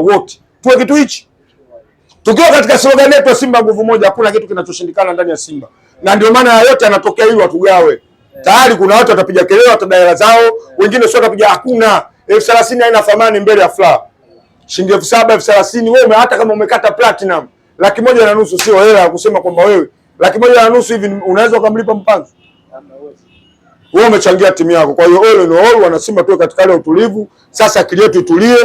wote tuwe kitu hichi, tukiwa katika slogan yetu Simba nguvu moja, hakuna kitu kinachoshindikana ndani ya Simba, na ndio maana yote yanatokea ili watugawe. Tayari kuna watu watapiga kelele, watapiga hela zao, wengine sio watapiga. Hakuna elfu thelathini haina thamani mbele ya fla shilingi elfu saba elfu thelathini wewe hata kama umekata platinum laki moja na nusu sio hela ya kusema kwamba wewe laki moja na nusu hivi unaweza ukamlipa mpanzu wewe umechangia timu yako. Kwa hiyo all in all, wana Simba tuwe katika hali ya utulivu sasa, akili yetu itulie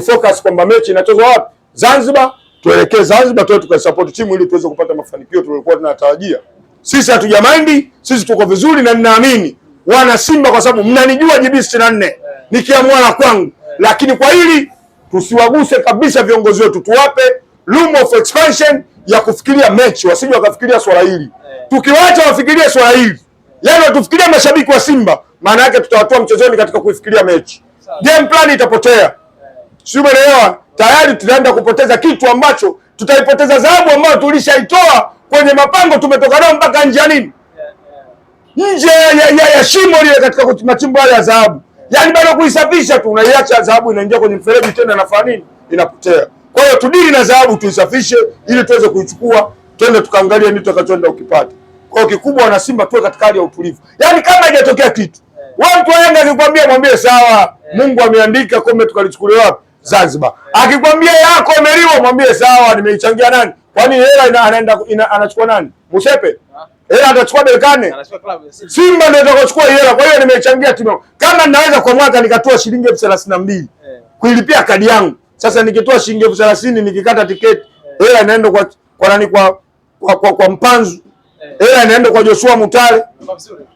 tufocus kwamba mechi inachezwa wapi, Zanzibar, tuelekee Zanzibar, tuwe tukasupport timu ili tuweze kupata mafanikio tuliyokuwa tunatarajia. Sisi hatujamaindi, sisi tuko vizuri, na ninaamini wana Simba, kwa sababu mnanijua JB 64 nikiamua la kwangu, lakini kwa hili tusiwaguse kabisa viongozi wetu, tuwape room of expansion ya kufikiria mechi, wasije wakafikiria swala hili. Tukiwacha wafikirie swala hili, yani watufikirie mashabiki wa Simba, maana yake tutawatoa mchezoni katika kuifikiria mechi, game plan itapotea. Sio, umeelewa? Tayari tunaenda kupoteza kitu ambacho tutaipoteza dhahabu ambayo tulishaitoa kwenye mapango, tumetoka nao mpaka nje ya nini, nje ya ya, ya shimo lile, katika machimbo yale ya dhahabu. Yaani bado kuisafisha tu, unaiacha dhahabu inaingia kwenye mfereji tena, nafanya nini? Inapotea. Kwa hiyo tudili na dhahabu, tuisafishe ili tuweze kuichukua, twende tukaangalie nini tutakachoenda ukipata. Kwa hiyo kikubwa, wana Simba tuwe katika hali ya utulivu, yaani kama haijatokea kitu, wewe mtu wa Yanga akikwambia, mwambie sawa, Mungu ameandika, kombe tukalichukulia wapi Zanzibar. Akikwambia yako imeliwa, mwambie sawa, nimeichangia nani? Kwani hela anaenda anachukua nani? Mushepe hela atachukua Berkane, Simba ndio atakachukua hela. Kwa hiyo nimeichangia timu, kama ninaweza kwa mwaka nikatoa shilingi elfu thelathini na mbili eh. kuilipia kadi yangu. Sasa nikitoa shilingi elfu thelathini nikikata tiketi, eh. hela inaenda kwa kwa nani? Kwa kwa, kwa, kwa Mpanzu eh. hela inaenda kwa Joshua Mutale,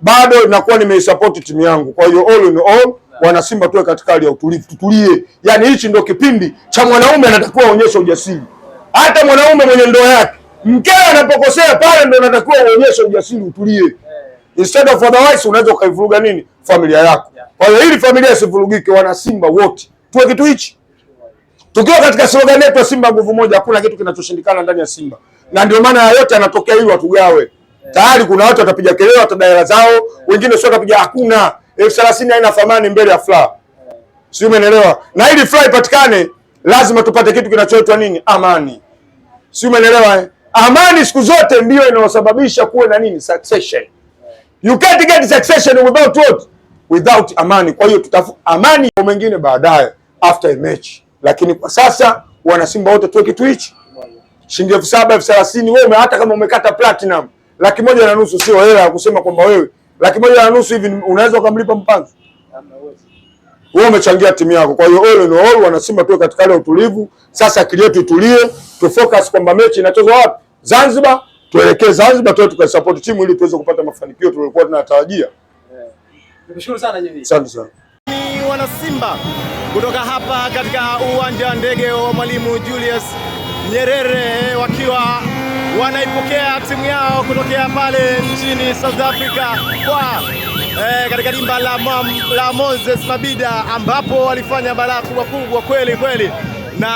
bado nakuwa nimeisupport timu yangu. Kwa hiyo all in all wana Simba tuwe katika hali ya utulivu, tutulie. Yani hichi ndio kipindi cha mwanaume anatakiwa aonyeshe ujasiri. Hata mwanaume mwenye ndoa yake mkewe anapokosea pale, ndio anatakiwa aonyeshe ujasiri, utulie. Eh. Instead of otherwise unaweza ukaivuruga nini familia yako. Kwa hiyo ili familia isivurugike, wana Simba wote tuwe kitu hichi, tukiwa katika slogan yetu Simba nguvu moja, hakuna kitu kinachoshindikana ndani ya Simba, na ndio maana yote anatokea ili watugawe eh. tayari. Kuna watu watapiga kelele, watadai zao, wengine sio watapiga, hakuna elfu thelathini haina thamani mbele ya furaha, si Umeelewa? Na ili furaha ipatikane lazima tupate kitu kinachoitwa nini? Amani, sio? Umeelewa eh? Amani siku zote ndio inayosababisha kuwe na nini, succession. You can't get succession without what? Without amani. Kwa hiyo tutafu amani mengine baadaye, after a match, lakini kwa sasa wanasimba wote tuwe kitu hichi shilingi elfu saba elfu thelathini wewe hata kama umekata platinum laki moja na nusu, sio hela ya kusema kwamba wewe laki moja na nusu hivi unaweza ukamlipa mpanzi Wewe umechangia timu yako. Kwa hiyo all in all, wanasimba tu katika ile ya utulivu. Sasa akili yetu itulie, tu focus kwamba mechi inachezwa wapi? Zanzibar, tuelekee Zanzibar tu tukasupport timu ili tuweze kupata mafanikio tuliyokuwa tunatarajia. Nikushukuru sana nyinyi. Asante sana. Ni wanasimba kutoka hapa katika uwanja wa ndege wa Mwalimu Julius Nyerere wakiwa wanaipokea timu yao kutokea pale nchini South Africa kwa eh, katika dimba la, la Moses Mabida ambapo walifanya balaa kubwa kubwa kweli kweli na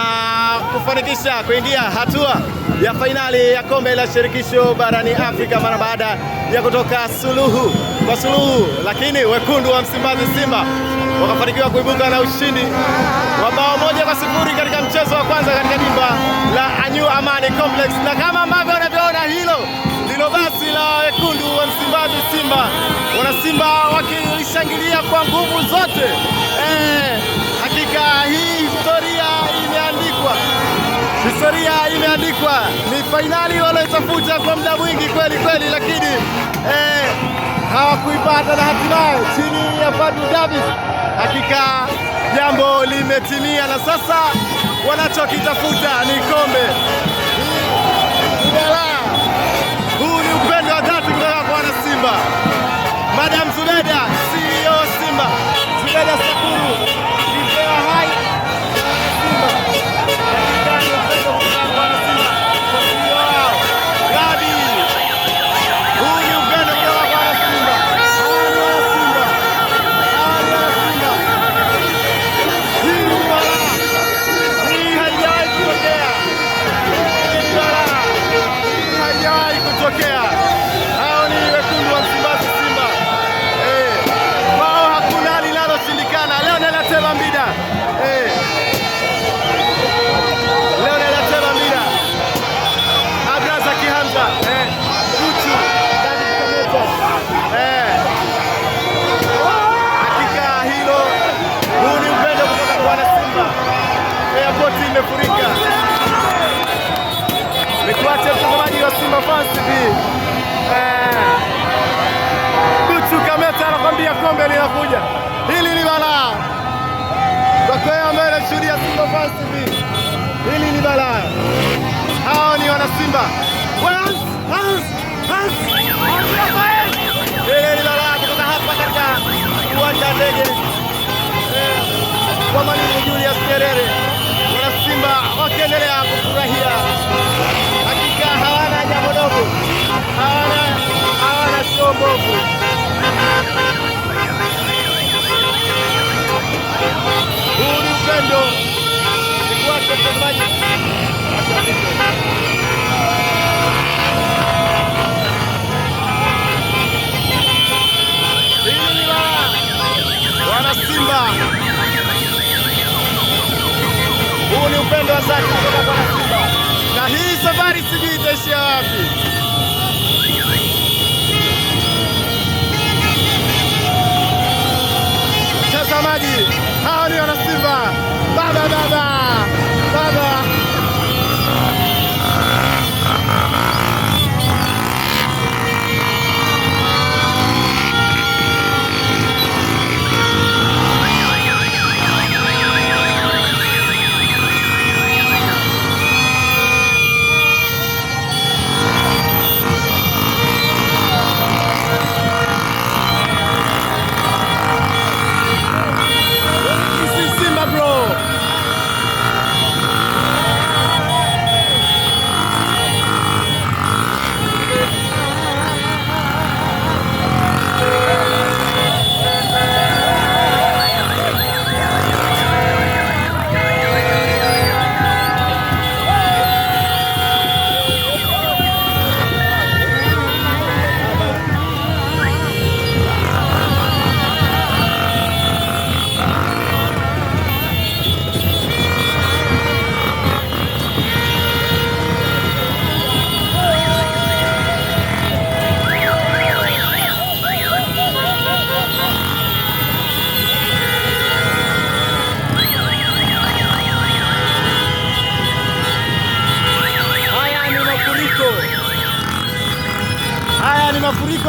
kufanikisha kuingia hatua ya fainali ya kombe la shirikisho barani Afrika mara baada ya kutoka suluhu kwa suluhu, lakini wekundu wa Msimbazi Simba wakafanikiwa kuibuka na ushindi wa bao moja kwa sifuri katika mchezo wa kwanza katika dimba la Anyu Amani Complex na kama Simba, wanasimba wakiishangilia kwa nguvu zote. Eh, hakika hii historia imeandikwa, historia imeandikwa. Ni fainali wanaotafuta kwa muda mwingi kweli kweli, lakini eh, hawakuipata na hatimaye chini ya Fadlu Davis, hakika jambo limetimia na sasa wanachokitafuta ni kombe. hawajawahi kutokea. Hao ni wekundu wa Msimbazi, Simba kwao eh, hey. Hakuna linaloshindikana leo, Nelatteba Mbida hey. Eh. Leo Nelatteba Mbida Abraza Kihamza hey. Eh. Kuchu hey. Hakika hilo huu ni upendo kutoka kwa Wanasimba, airpoti imefurika nikuache mtazamaji wa Simba Fans TV. Eh. Buchu Kameta anakwambia kombe linakuja, hili ni balaa wakwea ambayo inashuhudia Simba Fans TV, hili ni balaa. Hao ni Hans, Simba. Huu ni upendo wa dhati kutoka kwa Simba, na hii safari sijui itaishia wapi. Mtazamaji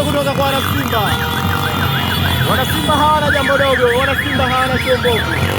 mwisho kutoka kwa wanasimba. Wanasimba hawana jambo dogo, wanasimba hawana chombovu.